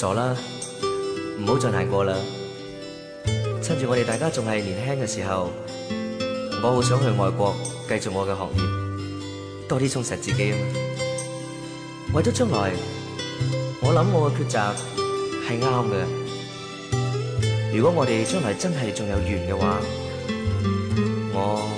傻啦，唔好再難過啦。趁住我哋大家仲係年輕嘅時候，我好想去外國繼續我嘅行業，多啲充實自己啊！為咗將來，我諗我嘅抉擇係啱嘅。如果我哋將來真係仲有緣嘅話，我。